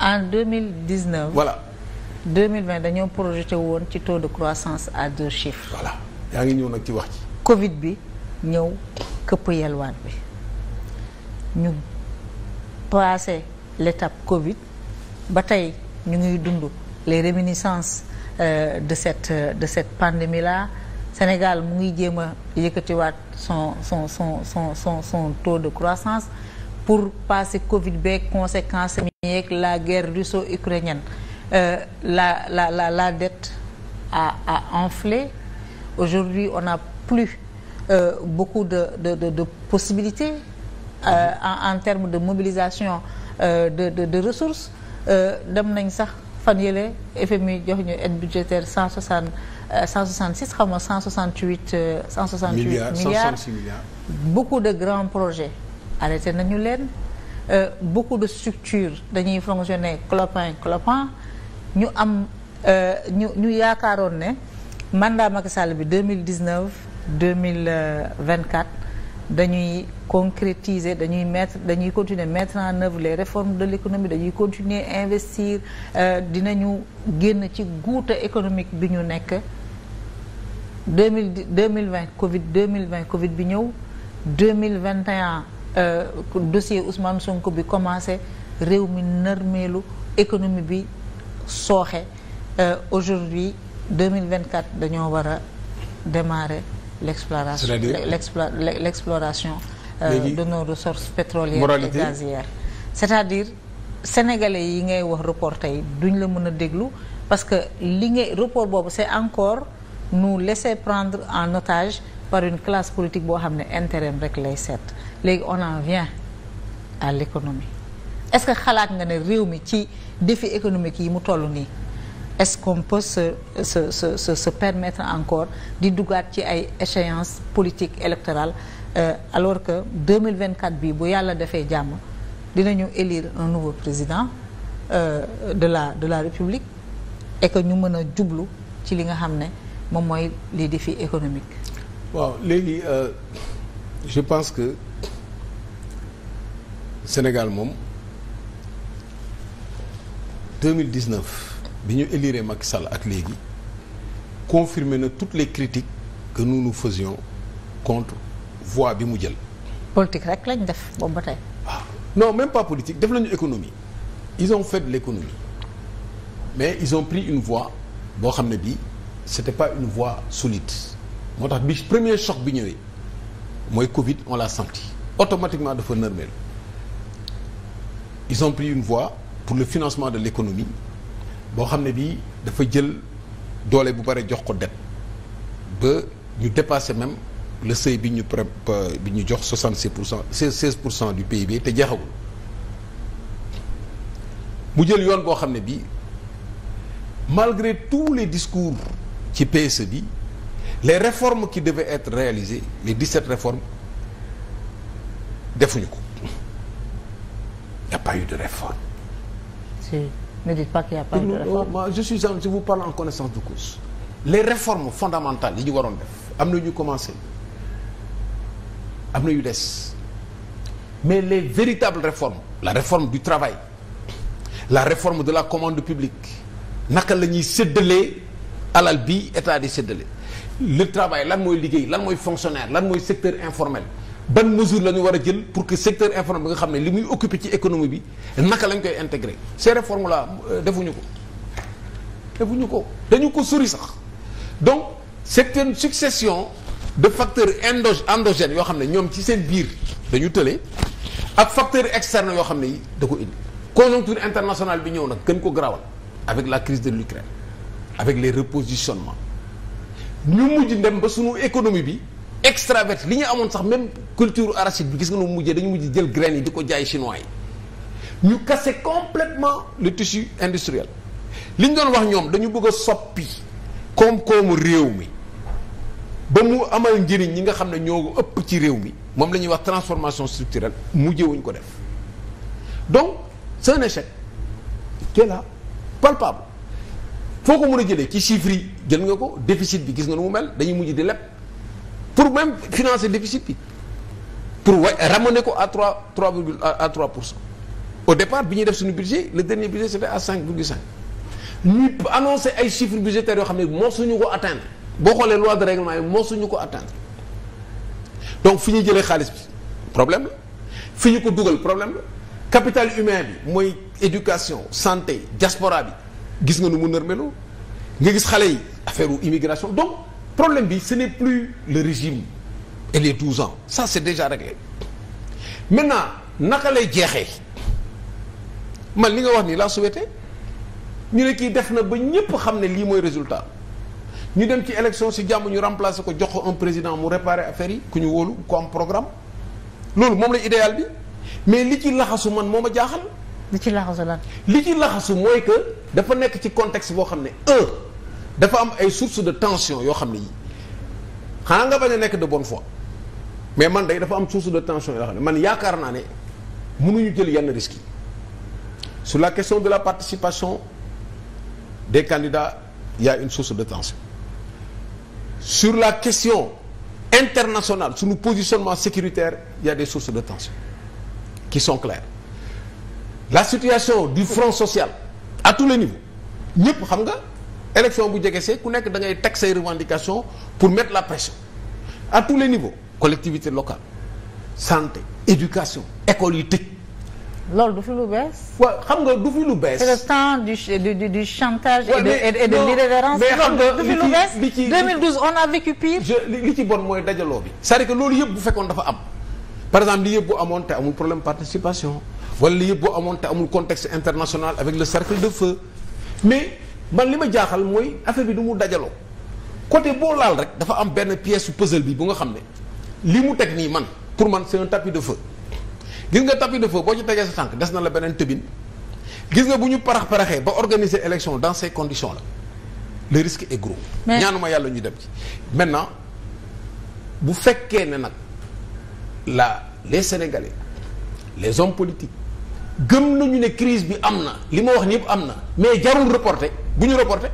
en deux mille dix neuf. voilà deux mille vingt dañoo projeté woon ci taux de croissance à deux chiffres. voilà yaa ngi ñëw nag ci wax ci. Covid bi ñëw këpp yelwaat bi ñu passé l' étape Covid ba tey ñu ngi dund les réminiscences euh, de cette euh, de cette pandémie là. Sénégal mu ngi jéem a yëkkatiwaat son son son son son son taux de croissance pour passer Covid beeg conséquences yeeg la guerre russo-ukrainienne euh, la la la la dette a a enflé aujourd'hui on n'a plus euh, beaucoup de de de, de possibilités euh, en en termes de mobilisation euh, de de de ressources euh, dem nañ sax fan yële FMI jox ñu aide budgétaire cent soixante euh, cent soixante six xam nga cent soixante huit cent soixante huit milliards beaucoup de grands projets arrêté nañu leen euh, beaucoup de structures dañuy fonctionner clopin clopin ñu am euh, ñu ñu yaakaaroon ne mandat Macky Sall bi 2019 2024 dañuy concrétiser dañuy mettre dañuy continuer mettre en œuvre les de l'économie dañuy continuer investir euh, dinañu génn ci guuta économique bi ñu nekk deux mille deux mille vingt Covid deux mille vingt Covid bi ñëw deux mille vingt et Euh, dossier Ousmane Sonko bi commencé réew mi nërmeelu économie bi sooxe euh, aujourd'hui 2024 dañoo war a démarrer l'exploration l'exploration euh, de nos ressources pétrolières et gazières c'est-à-dire sénégalais yi ngay wax report tey duñ la mën a déglu parce que li ngay report boobu c'est encore nous laisser prendre en otage par une classe politique boo xam ne intérêt rek lay seet léegi on en vient à l'économie est-ce que xalaat nga ne réew mi ci défi économique yi mu toll nii est-ce qu'on peut se se se se, encore di dugaat ci ay échéances politiques électorales euh, alors que 2024 bi bu yàlla defee jàmm dina dinañu élire un nouveau président euh, de la de la République et ñu mën a jublu ci li nga xam ne moom mooy les défis économiques waaw léegi euh, je pense que Sénégal moom 2019 bi ñu éliré Macky Sall ak léegi confirmé na toutes les critiques que nous nous faisions contre voie bi mu jël. politique rek lañ def boobu ba tey. waaw ah, non même pas politique def nañu économie ils ont fait l'économie mais ils ont pris une voie boo xam ne bii c'était pas une voie solide. moo tax bi premier choc bi ñëwee mooy Covid on l'a senti automatiquement dafa nërmeel ils ont pris une voie pour le financement de l'économie boo xam ne bii dafa jël doole bu bare jox ko dette ba ñu dépasser même le seuil bi ñu pré bi ñu jox 66 pour cent pour cent du PIB te jeexagul mu jël yoon boo xam ne bii malgré tous les discours ci ps e bi. les réformes qui devaient être réalisées les 17 réformes defuñu ko il n'y a pas eu de réforme. si ne dites pas qu'il n'y a pas eu de réforme. moi je suis je vous parle en connaissance de cause. les réformes fondamentales yi ñu waroon def am na ñu commencé am na yu des mais les véritables réformes la réforme du travail la réforme de la commande publique naka lañuy ñuy séddalee alal bi état de séddale. le travail lan mooy liggéey lan mooy fonctionnaire lan mooy secteur informel ban mesure la ñu war a jël pour que secteur informel bi nga xam ne li muy occupé ci économie bi naka lañ koy intégrer ces réformes là euh, defuñu ko defuñu ko dañu ko sori sax donc c'est une succession de facteur indo endogènes yoo xam ne ñoom ci seen biir dañu tële ak facteurs externes yoo xam ne yi da ko indi conjoncture internationale bi ñëw nag gën ko garawal avec la crise de l'Ukraine avec les repositionnements ñu mujj dem ba suñu économie bi extraverte li ñu amoon sax même culture arachide bi gis nga nu mujjee dañu mujj jël graines yi di ko jaay chinois yi ñu casser complètement le tissu industriel li ñu doon wax ñoom dañu bëgg soppi koom-koomu réew mi ba mu amal njëriñ ñi nga xam ne ñoo ëpp ci réew mi moom la ñuy wax transformation structurelle wuñ ko def donc c'est un échec palpable foo ko mën a jële ci chiffres yi jël nga ko déficit bi gis nga nu mu mel dañuy mujj di leb pour même financer déficit bi pour wa ramener ko à 3 3 virgule à 3 pour cent au départ bi ñuy def suñu budget le dernier budget c'était à 5 virgule 5 ñu annoncé ay chiffres budgétaires yoo xam ne moo suñu ko atteindre boo xoolee loi de règlement yi moo suñu ko atteindre donc fi ñu jëlee xaalis bi problème la fi ñu ko dugal problème la capital humain bi mooy éducation santé diaspora bi gis nga nu mun nërmeloo nga gis xale yi affaire immigration donc problème bi ce n'est plus le régime et les douze ans ça c'est déjà réglé maintenant naka lay jeexee man li nga wax nii laa souhaité ñu ne kii def na ba ñëpp xam ne lii mooy résultat ñu dem ci élection si jàmm ñu remplacer ko jox ko un président mu réparer affaire yi ku ñu woolu ku am programme loolu moom la idéal bi mais li ci laxasu man moo ma jaaxal. li ci laxasu lan. mooy que. dafa nekk ci contexte boo xam ne un dafa am ay sources de tension yoo xam ne yi xanaa nga bañ a nekk de bonne foi mais man dey dafa am source de tension yoo xam ne man yaakaar naa ne mënuñu jël yenn risques yi sur la question de la participation des candidats il y une source de tension sur la question internationale suñu positionnement sécuritaire il y a des sources de tension qui sont claires la situation du front social à tous les niveaux ñëpp xam nga élection bu jege see ku nekk da ngay teg say revendications pour mettre la pression à tous les niveaux collectivité locale santé éducation école yi tëj. loolu du fi lu bees. xam nga du fi lu bees. li ci a vécu pire. je bon mooy dajaloo bi. c'est-à-dire que loolu yëpp bu fekkoon dafa am par exemple li yëpp amoon te amul problème participation. wala li boo amoon te amul contexte international avec le cercle de feu mais man li ma jaaxal mooy affaire bi du mu dajaloo côté boo laal rek dafa am benn pièce su puzzle bi bu nga xam ne li mu teg nii man pour man c'est un tapis de feu gis nga tapis de feu boo ci tegee sa tànk des na la beneen tëbin gis nga bu ñu parax paraxee ba organiser élection dans ces conditions la le risque est gros. ma yàlla ñu dem ci. maintenant bu fekkee ne nag la les Sénégalais les hommes politiques. gëm nañu ne crise bi am na li ma wax ñëpp am na mais jarul reporter bu ñu reporter